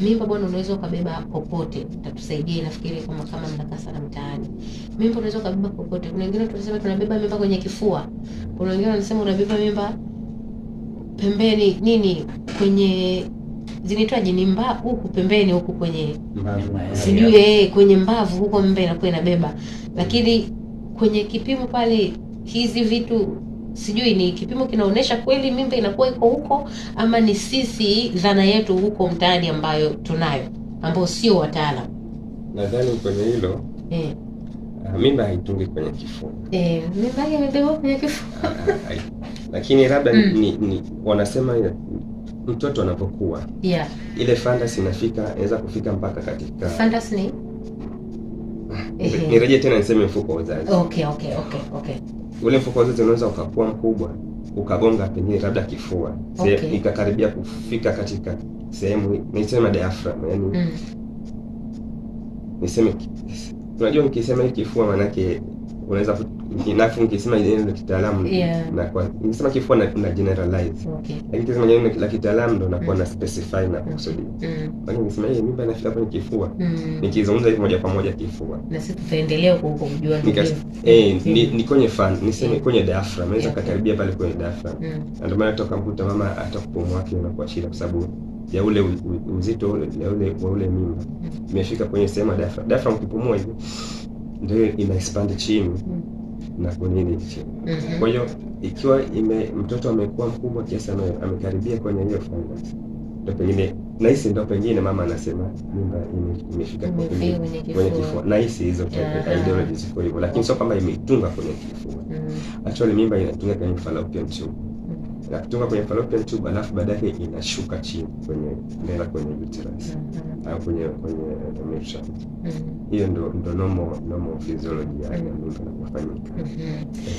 Mimba bwana, unaweza ukabeba popote, tatusaidia nafikiri kama kama mtakasa na mtaani. Mimba unaweza ukabeba popote. Kuna wengine tunasema tunabeba mimba kwenye kifua, kuna wengine wanasema unabeba mimba pembeni nini kwenye zinaitwaje ni mba huku pembeni huku kwenye sijui eh, kwenye mbavu huko mbele inakuwa inabeba, lakini kwenye kipimo pale hizi vitu sijui ni kipimo kinaonyesha kweli mimba inakuwa iko huko ama ni sisi dhana yetu huko mtaani ambayo tunayo ambao sio wataalam nadhani kwenye hilo eh. Ah, mimba haitungi kwenye kifua eh, mimba yake imebebwa kwenye kifua ah, ah, lakini labda mm. ni, ni, wanasema ya, mtoto anapokuwa yeah. ile fantasy inafika inaweza kufika mpaka katika fantasy ni eh, eh. nireje tena niseme mfuko wa uzazi okay, okay, okay, okay ule mfuko wa uzazi unaweza ukakuwa mkubwa ukagonga pengine labda kifua okay. Se, ikakaribia kufika katika sehemu nisema diaphragm yani mm. niseme unajua mkisema hii kifua maanake unaweza inafu ukisema neno la kitaalamu yeah. na kwa nikisema kifua na, na generalize okay. lakini nikisema neno la kitaalamu ndo nakuwa mm. na specify na mm. kusudia mm. kwani lakini nikisema hii mimba inafika kwenye kifua mm. nikizungumza hivi moja kwa moja kifua na sisi tutaendelea huko huko kujua ni eh ni, ni kwenye fan niseme yeah. kwenye diaphragm naweza yeah. pale kwenye diaphragm na ndio maana toka mkuta mama hata kupumua kile unakuwa shida kwa sababu ya ule uzito ule ya ule wa ule mimba imeshika kwenye sehemu ya diaphragm diaphragm ukipumua hivi ndio ina expand chini mm. na kwenye nini chini. Mm -hmm. Kwa hiyo ikiwa ime, mtoto amekuwa mkubwa kiasi amekaribia kwenye hiyo fungus, ndio pengine nahisi, ndio pengine mama anasema mimba imefika kwenye kifua. Nahisi hizo ideology ziko hivyo, lakini sio kwamba imetunga kwenye kifua. Mm. Actually mimba inatunga kwenye fallopian tube mm. na kutunga kwenye fallopian tube, alafu baadaye inashuka chini kwenye nenda kwenye uterus. mm -hmm kwenye automation. Mm-hmm. Hiyo ndo nomo physiology ya mimba mm-hmm. inafanyika. Mm-hmm.